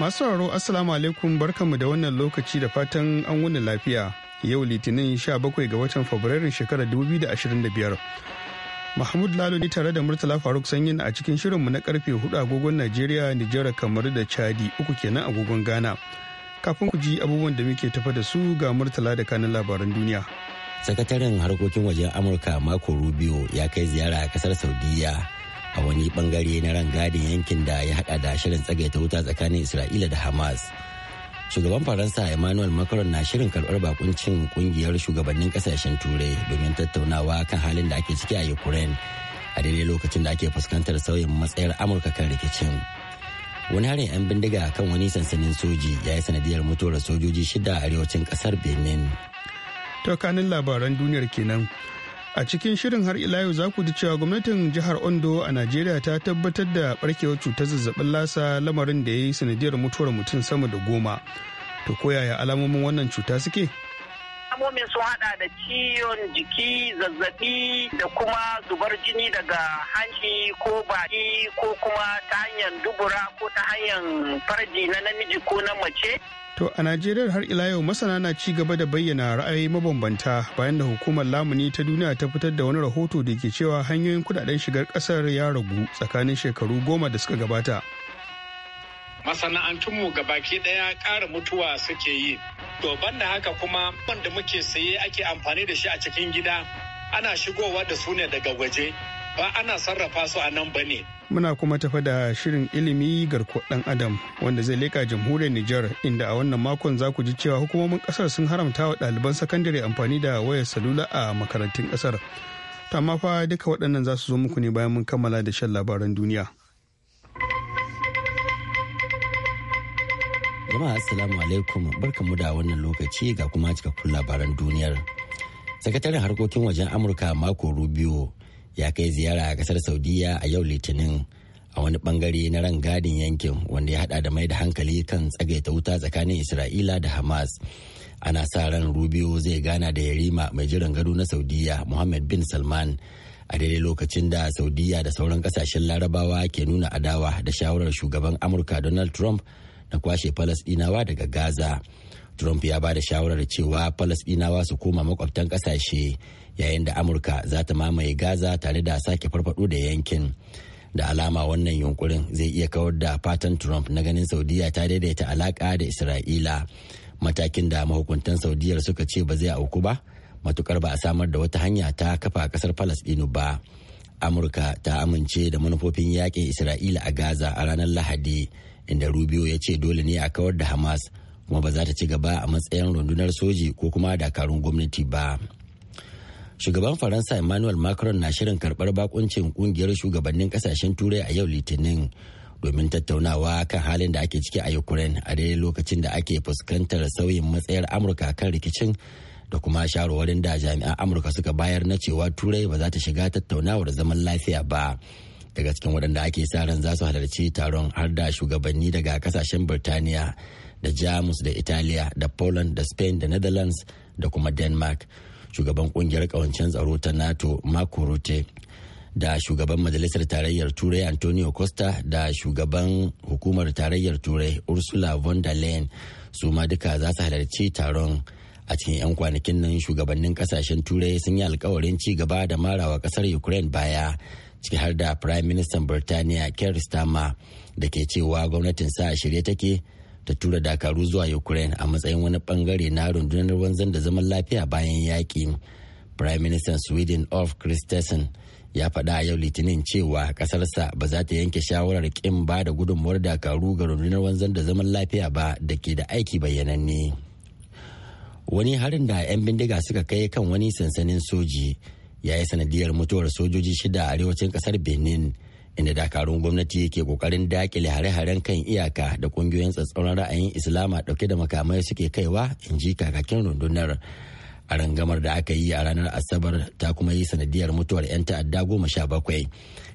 Masu sauraro Assalamu alaikum barkanmu da wannan lokaci da fatan an wuni lafiya. Yau Litinin 17 ga watan Fabrairun shekarar 2025. Mahmud Lalo ne tare da Murtala Faruk Sanyin a cikin shirinmu na karfe 4 agogon Najeriya, Nijar, kamar da Chadi uku kenan agogon Ghana. Kafin ku ji abubuwan da muke tafa da su ga Murtala da kanin labaran duniya. Sakataren harkokin wajen Amurka mako Rubio ya kai ziyara a kasar Saudiya a wani bangare na rangadin yankin da ya hada da shirin tsagaita wuta tsakanin isra'ila da hamas shugaban faransa emmanuel macron na shirin karbar bakuncin kungiyar shugabannin kasashen turai domin tattaunawa kan halin da ake ciki a ukraine a daidai lokacin da ake fuskantar sauyin matsayar amurka kan rikicin wani harin 'yan bindiga kan wani sansanin soji ya yi sanadiyar mutuwar sojoji shida a arewacin kasar benin to labaran duniyar kenan a cikin shirin har ila yau za ku ji cewa gwamnatin jihar ondo a najeriya ta tabbatar da barkewar cutar zazzabin lasa lamarin da ya yi sanadiyar mutuwar mutum sama da goma to koyaya alamomin wannan cuta suke alamomin sun hada da ciwon jiki zazzabi da kuma zubar jini daga hanci ko baki ko kuma ta hanyar dubura ko ta hanyar farji na namiji ko na mace To a Najeriya har ila yau masana na ci gaba da bayyana ra'ayi mabambanta bayan da hukumar lamuni ta duniya ta fitar da wani rahoto da ke cewa hanyoyin kudaden shigar kasar ya ragu tsakanin shekaru goma da suka gabata. Masana'antunmu baki daya kara mutuwa suke yi. To da haka kuma wanda muke saye ake amfani da shi a cikin gida ana shigowa da su ne daga waje ba ana sarrafa su a nan ba ne. muna kuma tafa da shirin ilimi garkuwar dan adam wanda zai leka jamhuriyar Nijar inda a wannan makon za ku ji cewa hukumomin kasar sun haramta wa ɗaliban sakandare amfani da wayar salula a makarantun kasar. Tamma fa duka waɗannan za su zo muku ne bayan mun kammala da shan labaran duniya. Jama'a Assalamu alaikum barkamu da wannan lokaci ga kuma cikakkun labaran duniyar. Sakataren harkokin wajen Amurka mako Rubio ya kai ziyara a kasar saudiya a yau litinin a wani bangare na ran gadin yankin wanda ya hada da mai da hankali kan tsagaita wuta tsakanin isra'ila da hamas ana sa ran rubio zai gana da yarima mai jiran gado na saudiya muhammad bin salman a daidai lokacin da saudiya da sauran kasashen larabawa ke nuna adawa da shawarar shugaban amurka donald trump na kwashe falasdinawa daga gaza Trump ya ba da shawarar cewa Falasɗinawa su koma makwabtan ƙasashe yayin da Amurka za ta mamaye Gaza tare da sake farfado da yankin. Da alama wannan yunkurin zai iya kawar da fatan Trump na ganin Saudiya ta daidaita alaƙa da Isra'ila. Matakin da mahukuntan Saudiyar suka ce ba zai auku ba, matukar ba a samar da wata hanya ta kafa ƙasar Falasɗinu ba. Amurka ta amince da manufofin yaƙin Isra'ila a Gaza a ranar Lahadi, inda Rubio ya ce dole ne a kawar da Hamas. kuma ba za ta ci gaba a matsayin rundunar soji ko kuma dakarun gwamnati ba shugaban faransa emmanuel macron na shirin karbar bakuncin kungiyar shugabannin kasashen turai a yau litinin domin tattaunawa kan halin da ake ciki a ukraine a daidai lokacin da ake fuskantar sauyin matsayar amurka kan rikicin da kuma shawarwarin da jami'an amurka suka bayar na cewa turai ba za ta shiga tattaunawar zaman lafiya ba daga cikin waɗanda ake sa ran za su halarci taron har da shugabanni daga kasashen birtaniya da jamus da italiya da poland da spain da netherlands da kuma denmark shugaban kungiyar kawancen tsaro ta nato marco rute da shugaban majalisar tarayyar turai antonio costa da shugaban hukumar tarayyar turai ursula von der leyen su ma duka za su halarci taron a cikin 'yan kwanakin nan shugabannin kasashen turai sun yi alkawarin ci gaba da marawa kasar ukraine baya ciki har da prime minister birtaniya keir starmer da ke cewa gwamnatin sa shirye take ta tura dakaru zuwa ukraine a matsayin wani bangare na rundunar wanzan da zaman lafiya bayan yaƙi prime minister sweden of christensen ya faɗa a yau litinin cewa ƙasarsa ba za ta yanke shawarar ƙin ba da gudunmuwar dakaru ga rundunar wanzan da zaman lafiya ba da ke da aiki bayyananne wani harin da 'yan bindiga suka kai kan wani sansanin soji ya yi sanadiyar mutuwar sojoji shida a arewacin ƙasar benin inda dakarun gwamnati ke kokarin dakile hare-haren kan iyaka da kungiyoyin tsatsauran ra'ayin islama dauke da makamai suke kaiwa in ji kakakin rundunar a rangamar da aka yi a ranar asabar ta kuma yi sanadiyar mutuwar 'yan ta'adda goma sha bakwai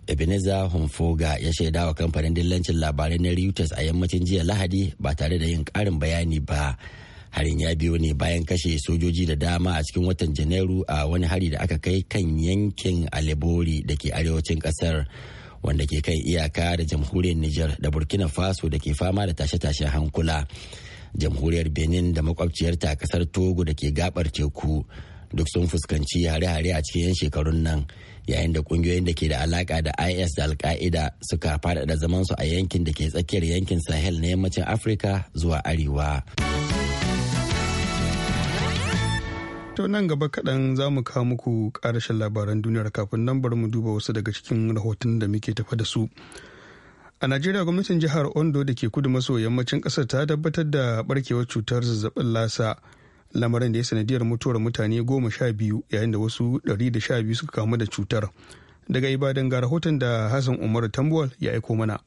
ebenezer humfoga ya shaida wa kamfanin dillancin labarai na reuters a yammacin jiya lahadi ba tare da yin karin bayani ba harin ya biyo ne bayan kashe sojoji da dama a cikin watan janairu a wani hari da aka kai kan yankin alebori da ke arewacin kasar wanda ke kan iyaka da jamhuriyar Nijar da Burkina Faso da ke fama da tashe-tashen hankula. Jamhuriyar Benin da makwabciyarta kasar Togo da ke gabar teku duk sun fuskanci hare-hare a cikin 'yan shekarun nan yayin da kungiyoyin da ke da alaka da IS da al qaeda suka faɗaɗa su a yankin da ke tsakiyar yankin Sahel na yammacin Afirka zuwa arewa. To nan gaba kaɗan za mu kawo muku ƙarashin labaran duniyar kafin nan bari mu duba wasu daga cikin rahoton da muke tafa da su. A Najeriya gwamnatin jihar Ondo da ke kudu maso yammacin ƙasar ta tabbatar da ɓarkewar cutar zazzabin lasa lamarin da ya sanadiyar mutuwar mutane goma sha biyu yayin da wasu ɗari da sha biyu suka kamu da cutar. Daga Ibadan ga rahoton da Hassan Umar Tambuwal ya aiko mana.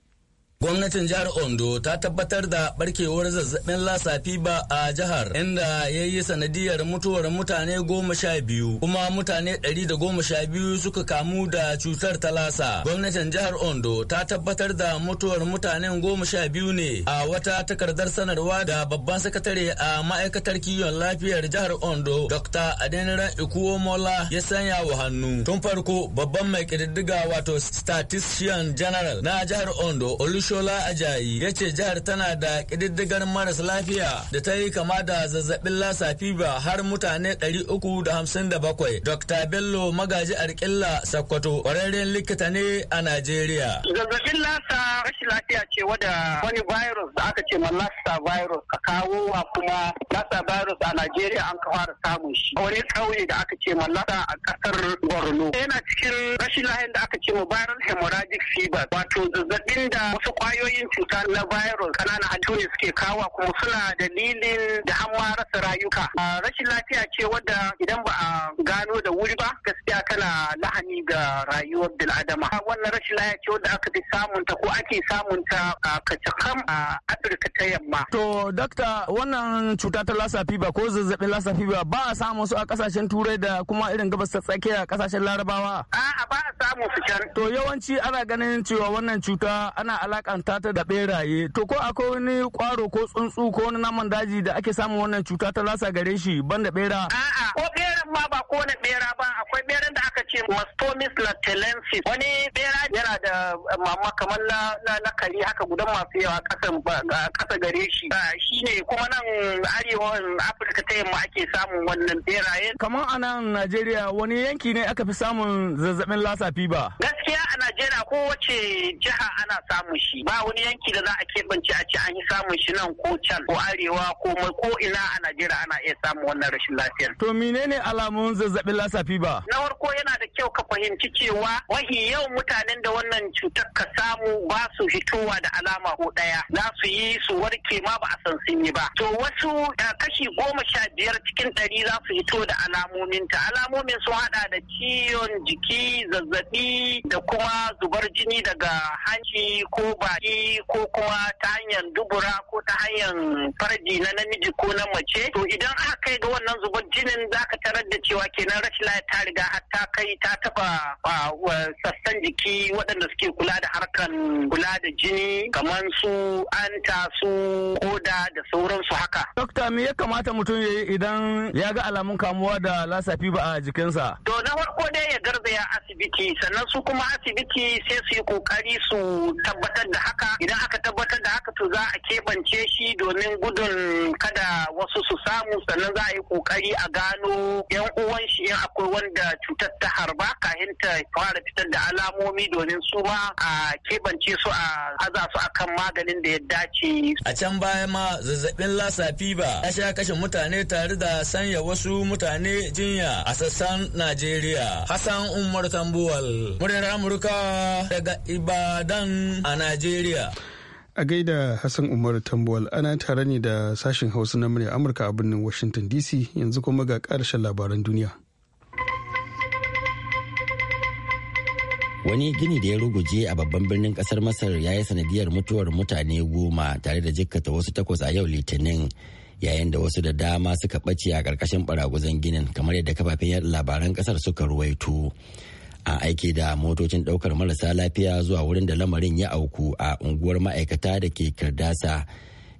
Gwamnatin jihar Ondo ta tabbatar da barkewar zazzabin lasa fiba a jihar inda ya yi sanadiyar mutuwar mutane goma sha biyu kuma mutane ɗari da goma sha biyu suka kamu da cutar ta lasa. Gwamnatin jihar Ondo ta tabbatar da mutuwar mutanen goma sha biyu ne a wata takardar sanarwa da babban sakatare a ma'aikatar kiwon lafiyar jihar Ondo Dr. Adenira Ikuomola ya sanya wa hannu. Tun farko babban mai ƙididdiga wato statistician general na jihar Ondo Olush Shola Ajayi ya ce jihar tana da ƙididdigar maras lafiya da ta yi kama da zazzabin lasa fiba har mutane 357. Dr. Bello Magaji Arkilla Sakkwato ƙwararren likita ne a Najeriya. Zazzabin lasa rashin lafiya ce wada wani virus da aka ce ma lasa virus ka kawo wa kuma lasa virus a Najeriya an ka fara samun shi. Wani ƙauye da aka ce ma lasa a ƙasar Borno. Yana cikin rashin lafiyan da aka ce ma viral hemorrhagic fever wato zazzabin da wasu kwayoyin cuta na virus ƙananan hantu suke kawa kuma suna dalilin da an ma rasa rayuka rashin lafiya ce wadda idan ba a gano da wuri ba gaskiya tana lahani ga rayuwar adama. wannan rashin lafiya ce wadda aka fi ta ko ake samun ta a kam a afirka ta yamma to dakta wannan cuta ta lasa fiba ko zazzabin lasa fiba ba a samun su a kasashen turai da kuma irin gabas ta tsakiya kasashen larabawa a'a ba samu su To yawanci ana ganin cewa wannan cuta ana alakanta ta da beraye. To ko akwai wani kwaro ko tsuntsu ko wani naman daji da ake samun wannan cuta ta lasa gare shi banda bera? A'a ko beran ma ba ko wani bera ba akwai beran da aka ce mastomis telensis wani bera yana da mamma kamar na na kari haka gudan masu yawa a kasa gare shi ah, shine kuma nan arewan afirka ta yamma ake samun wannan berayen kamar a nan najeriya wani yanki ne aka fi samun zazzabin lasa ba? gaskiya a najeriya ko wace jiha ana samun shi ba wani yanki da za a keɓance a ci an yi samun shi nan ko can ko arewa ko mai ko ina a najeriya ana iya samun wannan rashin lafiyar to menene alamun zazzabin lasafi ba? na farko yana da kyau ka fahimci cewa wahi yau mutanen da wannan cutar ka samu ba su fitowa da alama ko ɗaya za su yi su warke ma ba a san sun yi ba to wasu kashi goma sha biyar cikin ɗari za su fito da alamomin ta alamomin sun haɗa da ciwon jiki zazzabi da kuma zubar jini daga hanci ko baki ko kuma ta hanyar dubura ko ta hanyar farji na namiji ko na mace to idan aka kai ga wannan zubar jinin za ka tarar da cewa kenan rashin lafiya ta riga har ta kai misali ta taba sassan jiki waɗanda suke kula da harkan kula da jini kamar su anta su koda da sauransu haka. Dokta me ya kamata mutum ya yi idan ya ga alamun kamuwa da lasafi ba a jikinsa? To na farko dai ya garzaya asibiti sannan su kuma asibiti sai su yi kokari su tabbatar da haka idan aka tabbatar da haka to za a keɓance shi domin gudun kada wasu su samu sannan za a yi kokari a gano yan uwan shi yan akwai wanda cutar ta harba kafin ta fara fitar da alamomi domin su ma a keɓance su a haza su akan maganin da ya dace. A can baya ma zazzabin lasa fiba ya sha kashe mutane tare da sanya wasu mutane jinya a sassan Najeriya. Hassan Umar Tambuwal, muryar Amurka daga Ibadan a Najeriya. A gaida Hassan Umar Tambuwal ana tare ne da sashen Hausa na murya Amurka a birnin Washington DC yanzu kuma ga ƙarshen labaran duniya. wani gini da ya ruguje a babban birnin kasar masar ya yi sanadiyar mutuwar mutane goma tare da jikkata wasu takwas a yau litinin yayin da wasu da dama suka ɓace a ƙarƙashin baraguzan ginin kamar yadda kafafen yadda labaran ƙasar suka ruwaito a aiki da motocin ɗaukar marasa lafiya zuwa wurin da lamarin ya auku a unguwar ma'aikata da ke kirdasa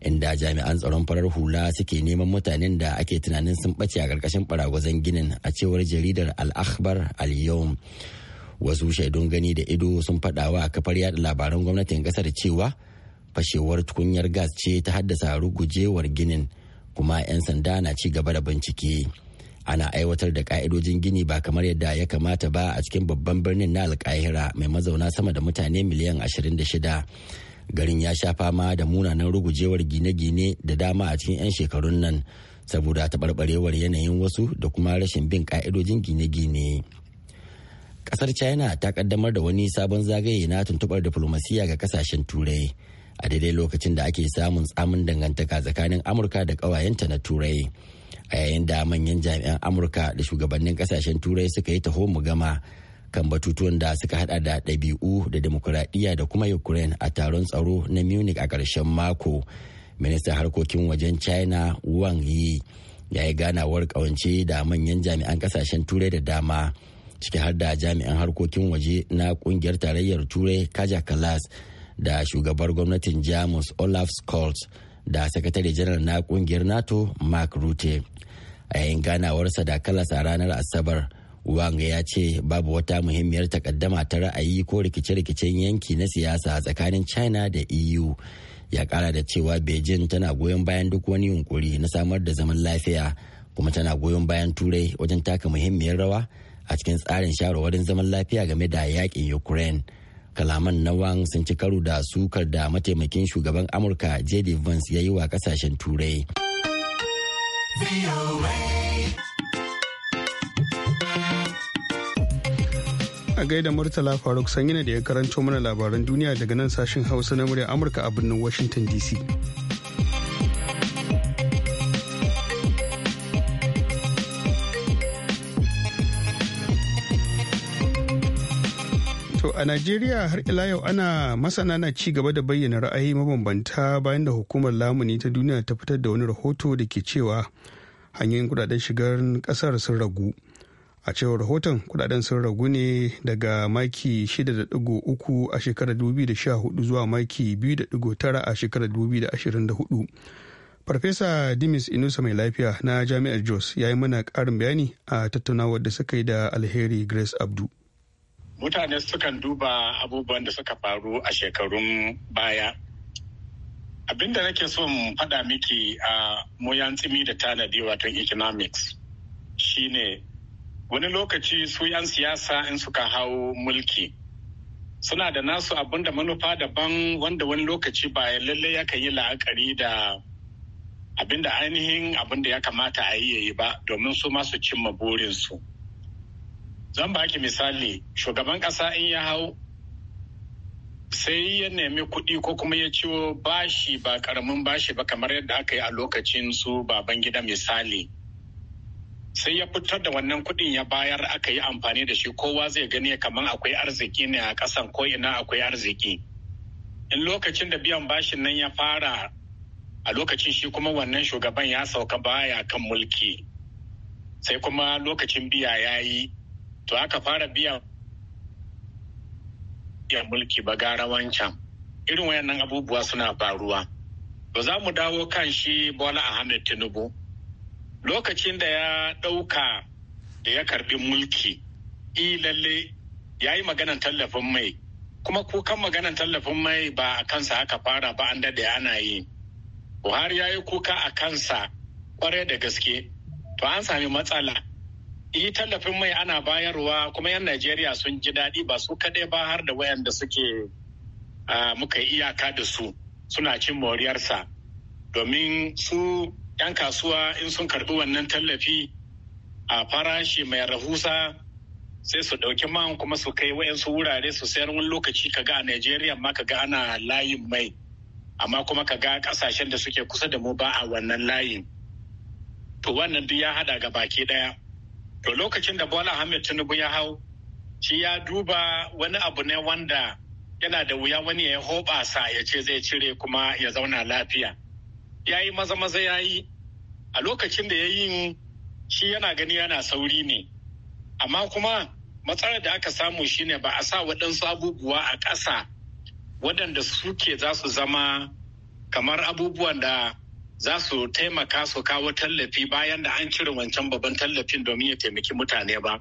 inda jami'an tsaron farar hula suke neman mutanen da ake tunanin sun ɓace a ƙarƙashin baraguzan ginin a cewar jaridar al-akhbar al-yawm wasu shaidun gani da ido sun fadawa a kafar yada labaran gwamnatin kasar cewa fashewar tukunyar gas ce ta haddasa rugujewar ginin kuma 'yan sanda na ci gaba da bincike ana aiwatar da ka'idojin gini ba kamar yadda ya kamata ba a cikin babban birnin na alkahira mai mazauna sama da mutane miliyan 26 garin ya sha fama da munanan rugujewar gine-gine da dama a cikin 'yan shekarun nan saboda taɓarɓarewar yanayin wasu da kuma rashin bin ka'idojin gine-gine. kasar china ta kaddamar da wani sabon zagaye na tuntubar diflomasiyya ga kasashen turai a daidai lokacin da ake samun tsamin dangantaka tsakanin amurka da ƙawayenta na turai a yayin da manyan jami'an amurka da shugabannin kasashen turai suka yi taho mu gama kan batutuwan da suka hada da ɗabi'u da demokuraɗiyya da kuma ukraine a taron tsaro na munich a ƙarshen mako ministan harkokin wajen china wang yi ya yi ganawar ƙawance da manyan jami'an kasashen turai da dama ciki har da jami'an harkokin waje na kungiyar tarayyar turai kaja kalas da shugabar gwamnatin jamus olaf scholz da sakatare janar na kungiyar nato mark rutte a yayin ganawarsa da kalas a ranar asabar wanga ya ce babu wata muhimmiyar takaddama ta ra'ayi ko rikice-rikicen yanki na siyasa tsakanin china da eu ya kara da cewa beijing tana goyon bayan duk wani yunkuri na samar da zaman lafiya kuma tana goyon bayan turai wajen taka muhimmiyar rawa a cikin tsarin shawarwarin zaman lafiya game da yaƙin ukraine kalaman na wang sun ci karo da sukar da mataimakin shugaban amurka jd vance ya yi wa kasashen turai a gaida murtala faruk sanyina da ya karanto mana labaran duniya daga nan sashen hausa na murya amurka a birnin washington dc a Najeriya har ila yau ana masana na ci gaba da bayyana ra'ayi mabambanta bayan da hukumar lamuni ta duniya ta fitar da wani rahoto da ke cewa hanyoyin kudaden shigar kasar sun ragu. A cewar rahoton kudaden sun ragu ne daga maki 6.3 a shekarar 2014 zuwa maki 2.9 a shekarar 2024. Farfesa Dimis Inusa mai lafiya na Jami'ar Jos ya yi mana ƙarin bayani a tattaunawar da suka yi da Alheri Grace Abdu. mutane sukan duba abubuwan da suka faru a shekarun baya abin da nake so mu faɗa miki a moyan tsimi da tanadi wato economics shine wani lokaci su 'yan siyasa in suka hau mulki suna da nasu abin da manufa daban wanda wani lokaci ba lallai ya yi la'akari da abin da ainihin abin da ya kamata a yi yayi ba domin su masu cimma burinsu. zan baki misali shugaban kasa in ya hau sai ya nemi kuɗi ko kuma ya ciwo bashi ba ƙaramin bashi ba kamar yadda aka yi a lokacin su baban gida misali sai ya fitar da wannan kuɗin ya bayar aka yi amfani da shi kowa zai gani kamar akwai arziki ne a ƙasan ko ina akwai arziki in lokacin da biyan bashin nan ya fara a lokacin shi kuma wannan shugaban ya sauka baya kan mulki sai kuma lokacin biya ya yi to aka fara biyan ya mulki ba gara wancan irin wayannan abubuwa suna faruwa ba za mu dawo kan shi bola ahmed tinubu lokacin da ya ɗauka da ya karbi mulki i lalle ya yi maganan tallafin mai kuma kukan maganan tallafin mai ba a kansa aka fara ba an daɗe ana yi buhari ya yi kuka a kansa kwarai da gaske to an sami matsala yi tallafin mai ana bayarwa kuma 'yan najeriya sun ji daɗi ba su kaɗai ba har da wayanda suke muka iyaka da su suna cin moriyarsa domin su 'yan kasuwa in sun karɓi wannan tallafi a farashi mai rahusa sai su ɗauki man kuma su kai wayansu wurare su sayar wani lokaci ga a najeriya ma ga ana layin mai amma kuma ka ga ƙasashen da suke kusa da mu ba a wannan layin to wannan duk ya haɗa ga baki ɗaya to lokacin da bola ahmed tinubu ya hau shi ya duba wani abu ne wanda yana da wuya wani ya hoɓasa ya ce zai cire kuma ya zauna lafiya ya yi maza maza ya yi a lokacin da ya yi shi yana gani yana sauri ne amma kuma matsalar da aka samu shine ba a sa waɗansu abubuwa a ƙasa waɗanda suke za su zama kamar abubuwan da za su taimaka su kawo tallafi bayan da an cire wancan babban tallafin domin ya taimaki mutane ba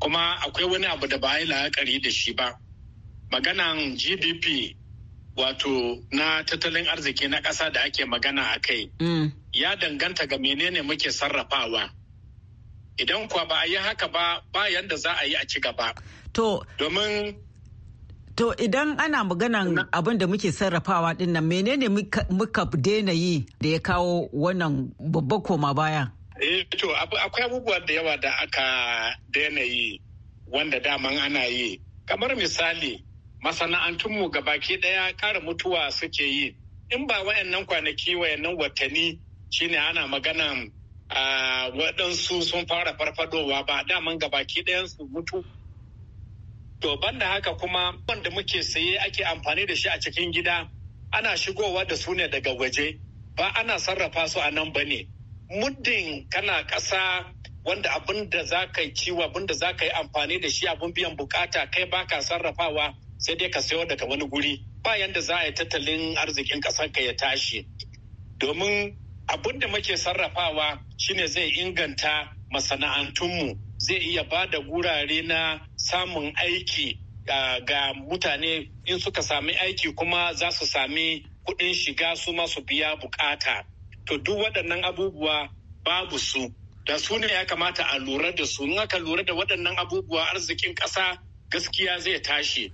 kuma akwai wani abu da ba yi la'akari da shi ba maganan gdp wato na tattalin arziki na ƙasa da ake magana a kai mm. ya danganta ga menene muke sarrafawa idan kuwa ba a yi haka ba bayan da za a yi a ci gaba domin To idan ana maganan abin da muke sarrafawa dinnan menene muka daina yi da ya kawo wannan babba koma baya? Eh to akwai abubuwa da yawa da aka daina yi wanda daman ana yi. Kamar misali masana'antunmu baki daya kara mutuwa suke yi. In ba wayannan kwanaki wayannan watanni shine ana maganan ah, waɗansu sun fara farfadowa ba daman gabaki ɗayansu mutu To da haka kuma wanda muke saye ake amfani da shi a cikin gida ana shigowa da su ne daga waje ba ana sarrafa su a nan ba ne. Muddin kana ƙasa wanda abin da za ka yi ciwo abin da za ka yi amfani da shi abin biyan bukata kai ba ka sarrafawa sai dai ka sayo daga wani guri ba yanda za a yi tattalin arzikin ƙasar ka ya tashi. Domin abin da muke sarrafawa shine zai inganta masana'antunmu zai iya ba da gurare na samun aiki ga mutane in suka sami aiki kuma za su sami kuɗin shiga su masu biya bukata to duk waɗannan abubuwa babu su da su ne ya kamata a lura da su in aka lura da waɗannan abubuwa arzikin ƙasa gaskiya zai tashi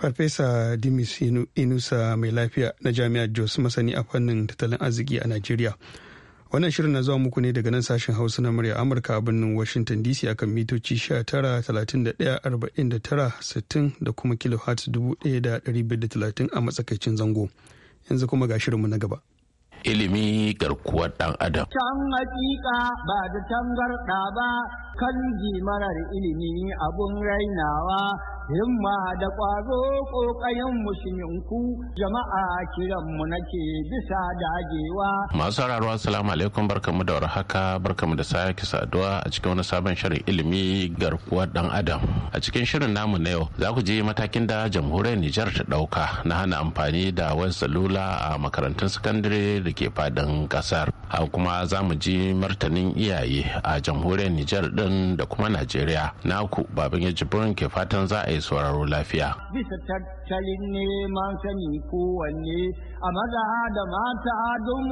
Farfesa Dimis Inusa mai lafiya na Jami'ar Jos masani a fannin tattalin arziki a Najeriya. Wannan shirin na zuwa muku ne daga nan sashen Hausa na murya Amurka a birnin Washington DC akan mitoci 19,31,49,60 da kuma kilohertz 1,530 a matsakaicin zango. Yanzu kuma ga shirinmu na gaba. Ilimi garkuwar ɗan adam. Can hakika ba da tangarɗa ba kalji marar ilimi abun rainawa himma da ƙwazo ƙoƙayen musulminku jama'a kiranmu nake bisa dagewa. Masu sauraro assalamu alaikum barkamu da warhaka barkamu da sake saduwa a cikin wani sabon shirin ilimi garkuwar dan adam. A cikin shirin namu na yau za ku je matakin da jamhuriyar Nijar ta ɗauka na hana amfani da wayar salula a makarantun sakandare da ke faɗin ƙasar. A kuma za mu ji martanin iyaye a jamhuriyar Nijar ɗin da kuma Najeriya. Naku baban yaji burin ke fatan za a yi sauraro lafiya. Bisa tattalin neman sani kowanne a maza da mata don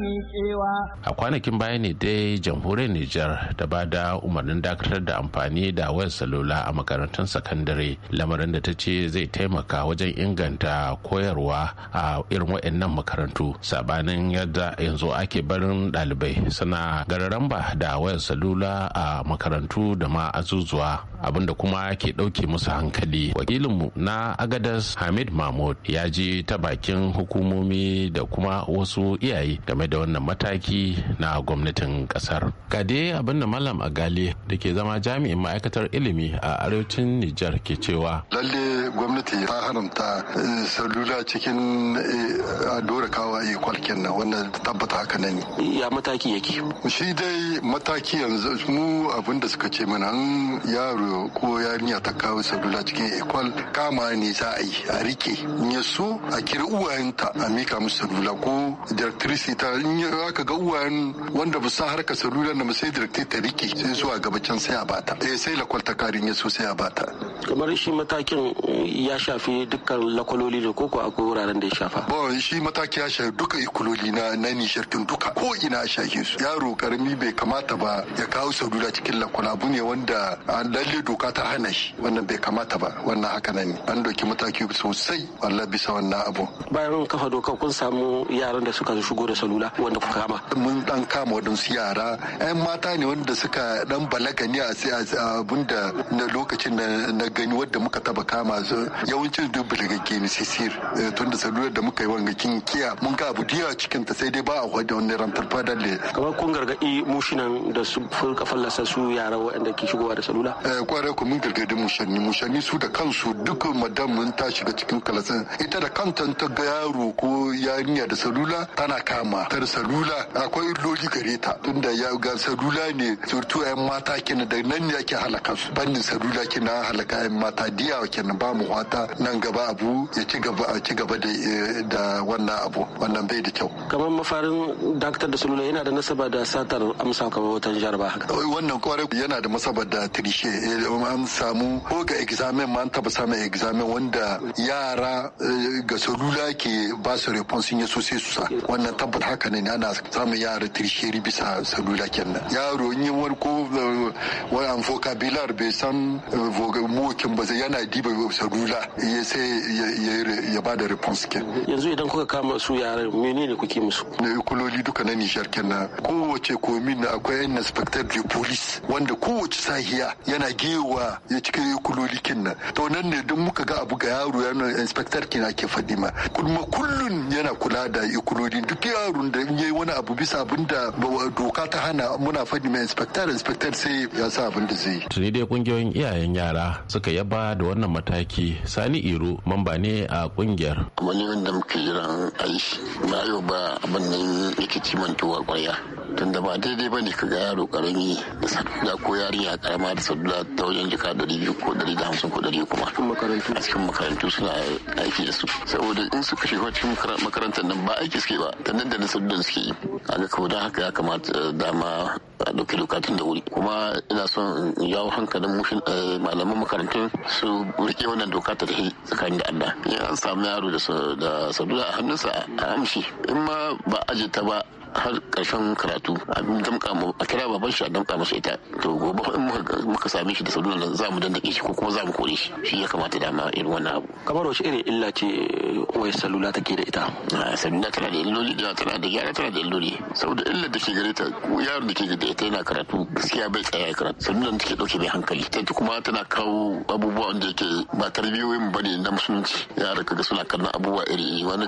ne cewa. A kwanakin baya ne dai jamhuriyar Nijar da ba da umarnin dakatar da amfani da wayar salula a makarantun sakandare lamarin da ta ce zai taimaka wajen inganta koyarwa a irin waɗannan makarantu sabanin yadda yanzu ake barin ɗalibai suna gararamba da wayar salula a makarantu. karantu da ma azuzuwa abinda kuma ke ɗauke musu hankali wakilinmu na agadas hamid mahmud ya ji ta bakin hukumomi da kuma wasu iyaye game da wannan mataki na gwamnatin kasar kade abinda malam agali da ke zama jami'in ma'aikatar ilimi a arewacin nijar ke cewa lalle gwamnati ta haramta eh, salula cikin eh, dora kawa yi eh, kwalkin na wannan tabbata haka ne ya mataki yake shi dai mataki yanzu mu a abin da suka ce mana an yaro ko yarinya ta kawo salula cikin ekwal kama ne za a yi a rike in ya so a kira uwayenta a mika musu salula ko directrice ta in aka ga uwayen wanda ba sa harka salula na sai directrice ta rike sai zuwa gabacin can sai a bata eh sai lakwal ta karin ya so sai a bata kamar shi matakin ya shafi dukkan lakwaloli da koko akwai wuraren da ya shafa ba shi mataki ya shafi duka ikuloli na na nishirkin duka ko ina a shafe su yaro karami bai kamata ba ya kawo salula cikin illa kula abu ne wanda lalle doka ta hana shi wannan bai kamata ba wannan haka nan ne an doki mataki sosai wallahi bisa wannan abu bayan kafa doka kun samu yaran da suka shigo da salula wanda kuka kama mun dan kama su yara yan mata ne wanda suka dan balaga ne a abun da na lokacin da na gani wanda muka taba kama su yawancin duk balagagge ne sisir eh, tunda salular da muka yi wanga kin kiya mun ga abu diya cikin ta sai dai ba a wani ramtar fadar kamar kun gargadi mushinan da su fulka fallasa su su yara waɗanda ke shigowa da salula? Eh, kware ku mun gargadi mushanni mushanni su da kansu duk madam mun ta shiga cikin kalasin ita da kanta ta ga yaro ko yarinya da salula tana kama ta da salula akwai illoji gare ta tunda ya ga salula ne surtu ayan mata kina da nan ne ake halaka su bannin salula kina halaka ayan mata diya kenan ba mu wata nan gaba abu ya ci gaba a ci gaba da eh, wannan abu wannan bai da kyau kamar mafarin daktar da salula yana da nasaba da satar amsa kamar wata jarba haka wannan kwarai yana da masabar da tirishe eh, an samu ko ga examen ma an taba samun examen wanda yara eh, ga salula ke ba su response ya so sai su sa wannan tabbat haka ne ana samun yara tirshiri bisa salula kenan yaro in yi wani ko eh, wani an foka bilar bai san mokin ba zai yana diba salula ya sai ya ba da response ke yanzu idan kuka kama su yaran menene kuke musu kuloli duka na nijar kenan kowace komin akwai inspector de police wanda kowace sahiya yana gewa ya cika ya kuloli kinna to nan ne duk muka ga abu ga yaro nuna inspector kina ke faɗi ma kuma kullun yana kula da ikulolin duk yaron da yayi wani abu bisa abin da doka ta hana muna faɗi ma inspector inspector sai ya sa abin da zai tuni dai kungiyoyin iyayen yara suka yaba da wannan mataki sani iro mamba ne a kungiyar wani wanda muke jiran aishi ba yau ba abin nan yake cimantowa kwarya tunda ba daidai ba ne ka ga yaro karami da sadula ko yarinya karama da sadula ta wajen jika ɗari biyu ko ɗari da hamsin ko ɗari kuma a cikin makarantu suna aiki da su saboda in kashe ko cikin makarantar nan ba aiki suke ba ta nan da na sadulan suke yi a ga kawai don haka ya kamata eh, dama a ɗauki lokacin da wuri kuma ina son in jawo hankalin mushin eh, malaman makarantun su rike wannan doka ta tafi tsakanin da Allah in an samu yaro da sadula a hannunsa a amshi in ma ba aje ta ba har karshen karatu a damka mu a kira baban shi a damka masa ita to gobe in muka same shi da sadunan nan za mu dandake shi ko kuma za mu kore shi shi ya kamata dama irin wannan abu kamar wace irin illa ce wai salula take da ita salula tana da illoli da tana da gyara tana da illoli saboda illa da ke gare ta yaron da ke da ita yana karatu gaskiya bai tsaya karatu salula take dauke mai hankali ta kuma tana kawo abubuwa wanda yake ba tarbiyoyin ne na musulunci yara kaga suna kallon abubuwa iri wani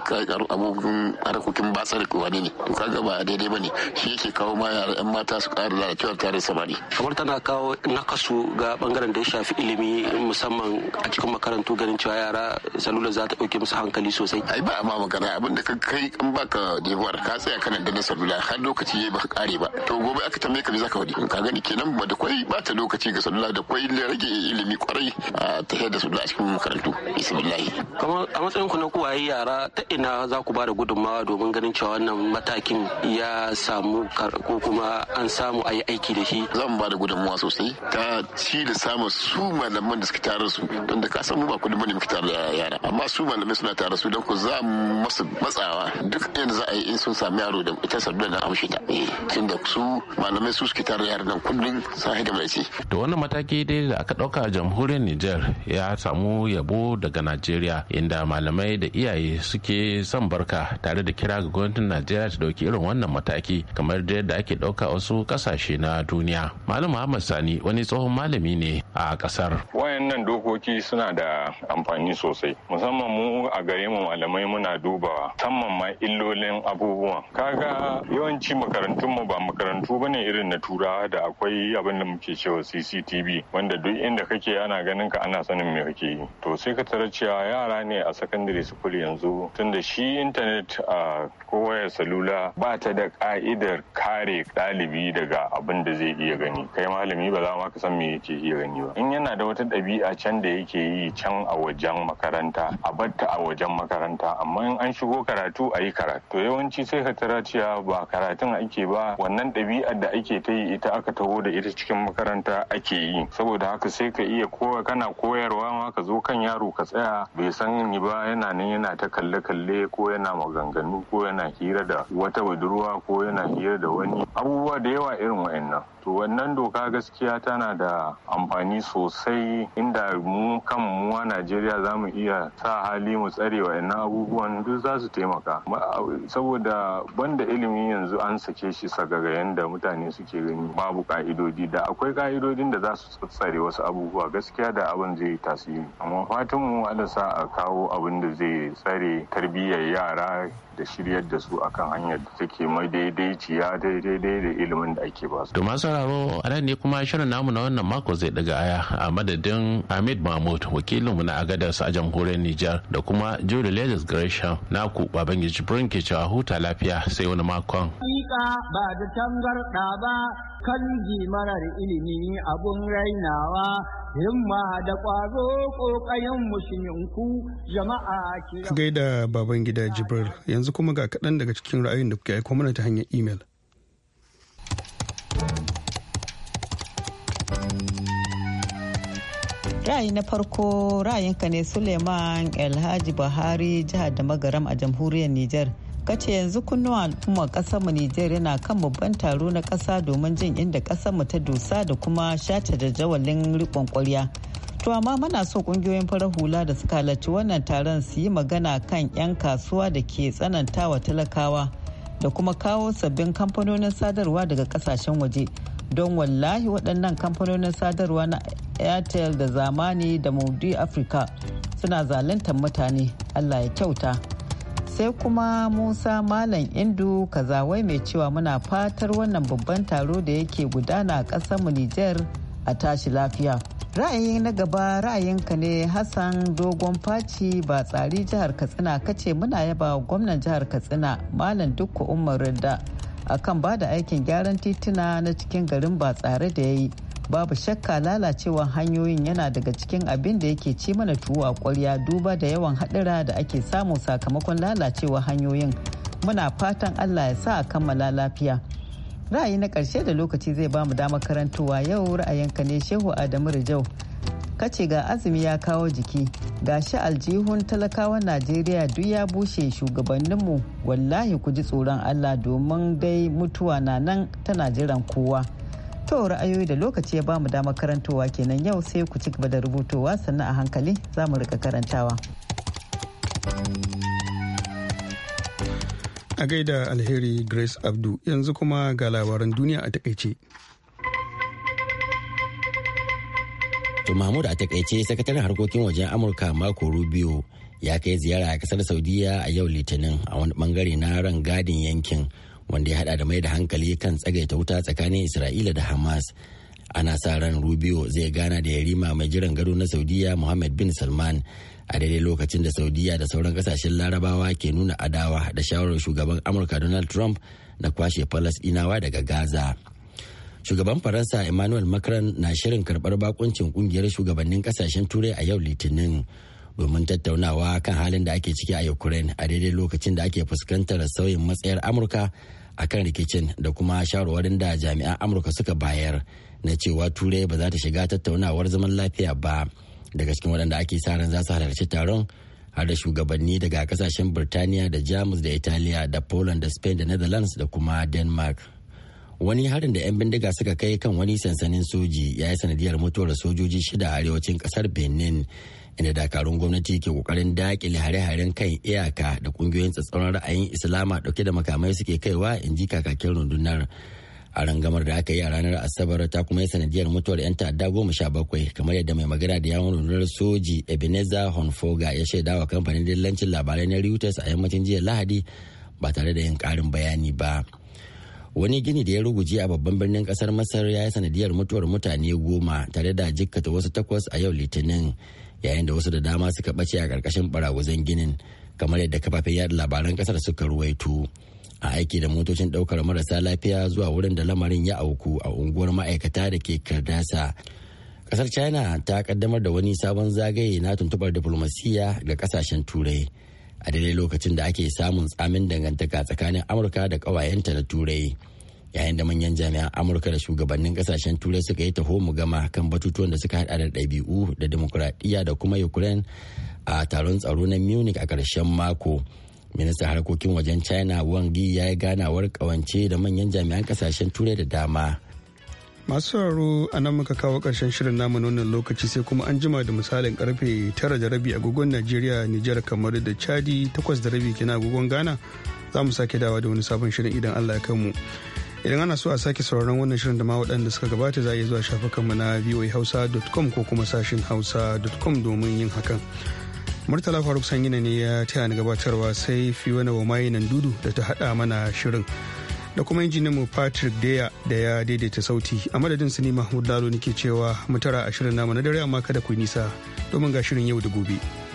abubuwan harkokin ba da wani ne to kaga ba a daidai ba shi yake kawo ma yan mata su ƙara lalacewar tare samari. kamar tana kawo nakasu ga bangaren da ya shafi ilimi musamman a cikin makarantu ganin cewa yara salula za ta ɗauke musu hankali sosai. ai ba a ma magana abin da ka kai in baka devoir ka tsaya kana danna salula har lokaci yayi ba kare ba to gobe aka tambaye ka me zaka wadi ka gani kenan ba da kwai ba ta lokaci ga salula da kwai rage ilimi kwarai a tafiyar da salula a cikin makarantu bismillah. kamar a matsayin ku na kuwaye yara ta ina za ku ba da gudunmawa domin ganin cewa wannan matakin ya samu ko kuma an samu a yi aiki da shi zan ba da gudunmuwa sosai ta ci da samun su malaman da suka tare su don da ka samu ba kudin bane muke tare da yara amma su malamai suna tare su don ku za mu matsawa duk yadda za a yi in sun sami yaro da ita sabu da amshi ta eh, tun da su malamai su suke tare da yara nan kullum sahi da mai da wannan mataki dai da aka ɗauka a jamhuriyar Nijar ya samu yabo daga Najeriya inda malamai da iyaye suke son barka tare da kira ga gwamnatin Najeriya ta dauki irin wannan wannan mataki kamar da yadda ake ɗauka wasu ƙasashe na duniya malam muhammad sani wani tsohon malami ne a ƙasar wayannan dokoki suna da amfani sosai musamman mu a gare mu malamai muna dubawa musamman ma illolin abubuwan kaga yawanci makarantun mu ba makarantu bane irin na tura da akwai abin da muke cewa cctv wanda duk inda kake ana ganin ka ana sanin me kake yi to sai ka tarar cewa yara ne a secondary school yanzu tunda shi internet a ah, kowaya salula ba kamata da ka'idar kare ɗalibi daga abin da zai iya gani kai malami ba za ma ka san me yake iya gani ba in yana da wata ɗabi'a can da yake yi can a wajen makaranta a batta a wajen makaranta amma in an shigo karatu a yi karatu to yawanci sai ka tara cewa ba karatun ake ba wannan ɗabi'a da ake ta yi ita aka taho da ita cikin makaranta ake yi saboda haka sai ka iya kowa kana koyarwa ma ka zo kan yaro ka tsaya bai san ni ba yana nan yana ta kalle kalle ko yana maganganu ko yana hira da wata budurwa budurwa ko yana hira da wani abubuwa da yawa irin wa'annan to wannan doka gaskiya tana da amfani sosai inda mu kan mu najeriya za mu iya sa hali mu tsare yana abubuwan duk za su taimaka saboda banda ilimi yanzu an sake shi sagaga yanda mutane suke gani babu ka'idodi da akwai ka'idodin da za su tsare wasu abubuwa gaskiya da abin zai tasiri amma fatan mu sa a kawo abin da zai tsare tarbiyyar yara da shiryar da su akan hanyar da take mai daidaiciya daidai da ilimin da ake ba su. sauraro a nan ne kuma shirin namu na wannan mako zai daga aya a madadin Ahmed Mahmud wakilinmu na agadarsa a jamhuriyar Nijar da kuma Julie Ladies Gresham naku Babangiji burin ke cewa huta lafiya sai wani makon. ba da tangarɗa ba kan marar ilimi abun rainawa himma da ƙwazo musulminku jama'a ke gaida baban gida jibril yanzu kuma ga kaɗan daga cikin ra'ayin da kuke aiko mana ta hanyar imel. ra'ayi na farko ra'ayinka ne suleiman alhaji buhari jihar da magaram a jamhuriyar nijar kace yanzu kunnuwa al'ummar kasar mu Nijar yana kan babban taro na kasa domin jin inda kasar mu ta dosa da kuma shata da jawalin rikon ƙwarya to amma muna so ƙungiyoyin farar hula da suka halarci wannan taron su yi magana kan 'yan kasuwa da ke tsananta wa talakawa da kuma kawo sabbin kamfanonin sadarwa daga kasashen waje don wallahi waɗannan kamfanonin sadarwa na airtel da zamani da maudi afirka suna zaluntar mutane allah ya kyauta sai kuma musa malam indu kazawai mai cewa muna fatar wannan babban taro da yake gudana a mu niger a tashi lafiya ra'ayi na gaba ra'ayinka ne hassan dogon faci ba tsari jihar katsina kace muna yaba gwamnan jihar katsina malam dukka umar da akan ba da aikin gyaran tituna na cikin garin ba tsare da ya yi babu shakka lalacewar hanyoyin yana daga cikin abin da yake ci mana tuwo a kwarya duba da yawan hadura da ake samu sakamakon lalacewa hanyoyin muna fatan allah ya sa a kammala lafiya ra'ayi na ƙarshe da lokaci zai ba mu dama karantowa yau ra'ayinka ne shehu adamu rijau kace ga azumi ya kawo jiki gashi aljihun talakawan najeriya duk ya bushe shugabanninmu wallahi ku ji tsoron allah domin dai mutuwa na nan tana jiran kowa to ra'ayoyi da lokaci ya bamu damar karantowa kenan yau sai ku ci gaba da rubutowa sannan a hankali za mu rika karantawa a gaida alheri grace abdu yanzu kuma ga labaran duniya a takaice Wato Mahmud a takaice sakataren harkokin wajen Amurka Marco Rubio ya kai ziyara a kasar Saudiya a yau Litinin a wani bangare na ran gadin yankin wanda ya hada da mai da hankali kan tsagaita wuta tsakanin Isra'ila da Hamas. Ana sa ran Rubio zai gana da yarima mai jiran gado na Saudiya Mohammed bin Salman a daidai lokacin da Saudiya da sauran kasashen Larabawa ke nuna adawa da shawarar shugaban Amurka Donald Trump na kwashe Falasɗinawa daga Gaza. shugaban faransa emmanuel macron na shirin karbar bakuncin kungiyar shugabannin kasashen turai a yau litinin domin tattaunawa kan halin da ake ciki a ukraine a daidai lokacin da ake fuskantar sauyin matsayar amurka a kan rikicin da kuma shawarwarin da jami'an amurka suka bayar na cewa turai ba za ta shiga tattaunawar zaman lafiya ba daga cikin waɗanda ake sa ran za su halarci taron har da shugabanni daga kasashen birtaniya da jamus da italiya da poland da spain da netherlands da kuma denmark wani harin da 'yan bindiga suka kai kan wani sansanin soji ya yi sanadiyar mutuwar sojoji shida a arewacin kasar benin inda dakarun gwamnati ke kokarin dakile hare-haren kan iyaka da kungiyoyin tsatsauran ra'ayin islama dauke da makamai suke kaiwa in ji kakakin rundunar a rangamar da aka yi a ranar asabar ta kuma yi sanadiyar mutuwar 'yan ta'adda goma sha bakwai kamar yadda mai magana da yawon rundunar soji ebenezer honfoga ya shaida wa kamfanin dillancin labarai na reuters a yammacin jiya lahadi ba tare da yin karin bayani ba. wani gini da ya ruguje a babban birnin kasar masar ya yi sanadiyar mutuwar mutane goma tare da jikkata wasu takwas a yau litinin yayin da wasu da dama suka bace a ƙarƙashin baraguzan ginin kamar yadda kafafen yada labaran ƙasar suka ruwaito a aiki da motocin ɗaukar marasa lafiya zuwa wurin da lamarin ya auku a unguwar ma'aikata da ke kardasa kasar china ta kaddamar da wani sabon zagaye na tuntubar diflomasiyya ga ƙasashen turai a daidai lokacin da ake samun tsamin dangantaka tsakanin amurka da ƙawayenta na turai yayin da manyan jami'an amurka da shugabannin kasashen turai suka yi taho mu gama kan batutuwan da suka hada da ɗabi'u da demokuraɗiyya da kuma ukraine a taron tsaro na munich a karshen mako ministan harkokin wajen china wang yi ya yi ganawar kawance da manyan jami'an kasashen turai da dama masu sauraro a nan muka kawo ƙarshen shirin namu wannan lokaci sai kuma an jima da misalin karfe tara da rabi agogon najeriya nijar kamar da chadi takwas da rabi kina agogon ghana za mu sake dawa da wani sabon shirin idan allah ya kai mu idan ana so a sake sauraron wannan shirin da ma waɗanda suka gabata za a iya zuwa shafukanmu na voahausa.com ko kuma sashin hausa.com domin yin hakan murtala faruk na ne ya taya ni gabatarwa sai fi wani wa mayi nan dudu da ta haɗa mana shirin da kuma mu patrick daya da ya daidaita sauti a madadin su ne mahmud lalo nake cewa mutara a shirin namu na dare amma kada ku nisa domin ga shirin yau da gobe.